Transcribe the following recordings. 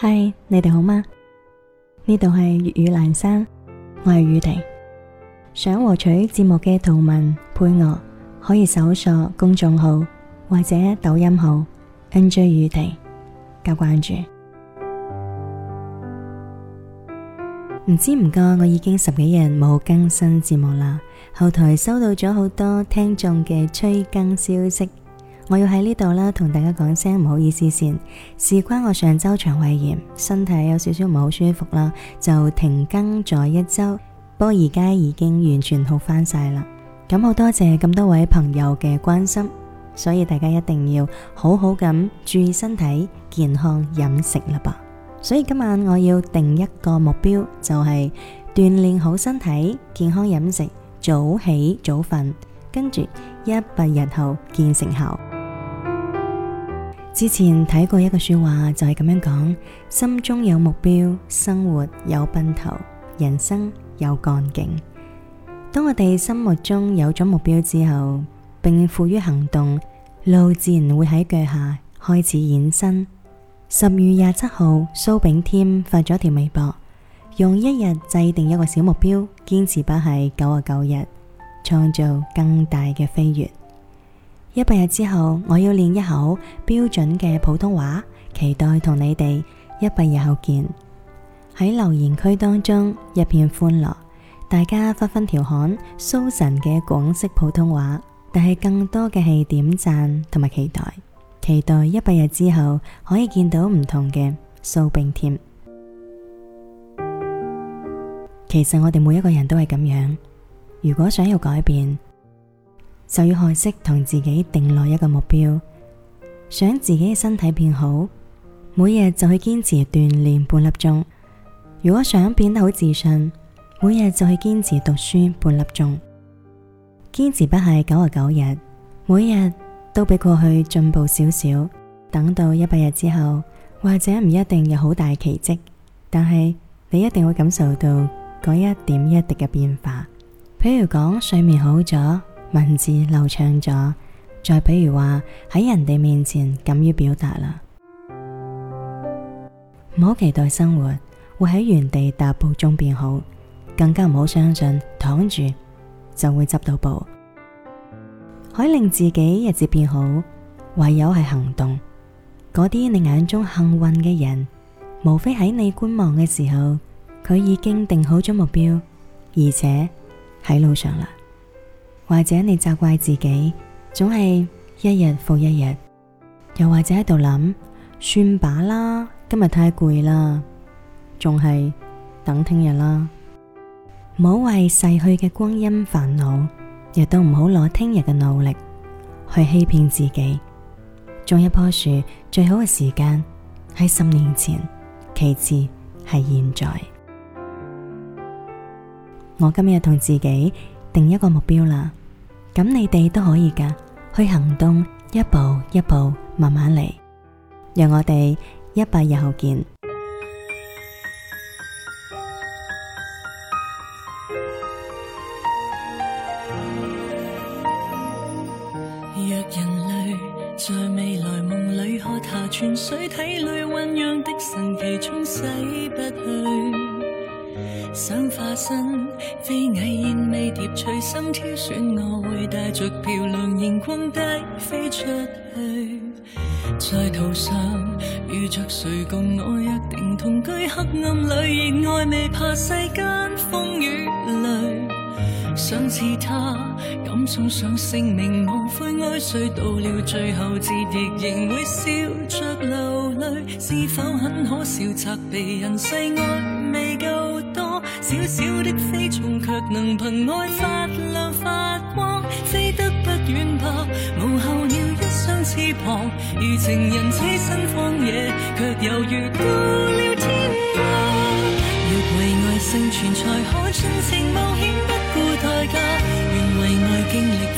嗨，Hi, 你哋好嗎？呢度係粵語闌珊，我係宇婷。想獲取節目嘅圖文配樂，可以搜索公眾號或者抖音號 NJ 宇婷加關注。唔知唔覺我已經十幾日冇更新節目啦，後台收到咗好多聽眾嘅催更消息。我要喺呢度啦，同大家講聲唔好意思先，事關我上周腸胃炎，身體有少少唔好舒服啦，就停更咗一周。不過而家已經完全好返晒啦，咁好多謝咁多位朋友嘅關心，所以大家一定要好好咁注意身體健康飲食啦吧。所以今晚我要定一個目標，就係鍛煉好身體、健康飲食、早起早瞓，跟住一百日後見成效。之前睇過一個說話就係咁樣講，心中有目標，生活有奔頭，人生有幹勁。當我哋心目中有咗目標之後，並付諸行動，路自然會喺腳下開始延伸。十月廿七號，蘇炳添發咗條微博，用一日制定一個小目標，堅持不懈九啊九日，創造更大嘅飛躍。一百日之後，我要練一口標準嘅普通話，期待同你哋一百日後見。喺留言區當中一片歡樂，大家紛紛調侃蘇神嘅廣式普通話，但係更多嘅係點讚同埋期待，期待一百日之後可以見到唔同嘅蘇炳添。其實我哋每一個人都係咁樣，如果想要改變，就要學識同自己定落一個目標，想自己嘅身體變好，每日就去堅持鍛煉半粒鐘；如果想變得好自信，每日就去堅持讀書半粒鐘。堅持不懈九十九日，每日都比過去進步少少。等到一百日之後，或者唔一定有好大奇蹟，但係你一定會感受到嗰一點一滴嘅變化。譬如講，睡眠好咗。文字流暢咗，再比如話喺人哋面前敢於表達啦。唔好 期待生活會喺原地踏步中變好，更加唔好相信躺住就會執到步。 可以令自己日子變好，唯有係行動。嗰啲你眼中幸運嘅人，無非喺你觀望嘅時候，佢已經定好咗目標，而且喺路上啦。或者你責怪自己，總係一日復一日；又或者喺度諗算把啦，今日太攰啦，仲係等聽日啦。唔好為逝去嘅光陰煩惱，亦都唔好攞聽日嘅努力去欺騙自己。種一棵樹最好嘅時間喺十年前，其次係現在。我今日同自己定一個目標啦。咁你哋都可以㗎，去行動，一步一步慢慢嚟，讓我哋一百日後見。若人類在未來夢裏喝下泉水，體內醞釀的神奇沖洗不去。想化身飛蟻燕尾蝶，隨心挑選我，我會帶着漂亮熒光燈飛出去。在途上遇着誰，共我約定同居黑暗裏，熱愛未怕世間風雨雷。想似他敢送上性命，無悔愛誰到了最後折翼，亦仍會笑着流淚。是否很可笑，責備人世愛未夠。小小的飛蟲卻能憑愛發亮發光，飛得不遠怕，無候鳥一雙翅膀，如情人棲身荒野，卻猶如到了天國。若為愛生存，才可盡情冒險，不顧代價，願為愛經歷。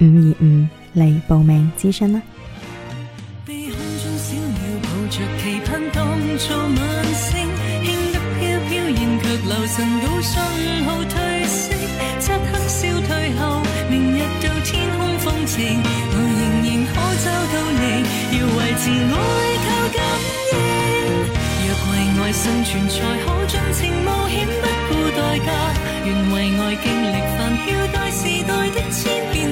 五二五嚟報名諮詢啦！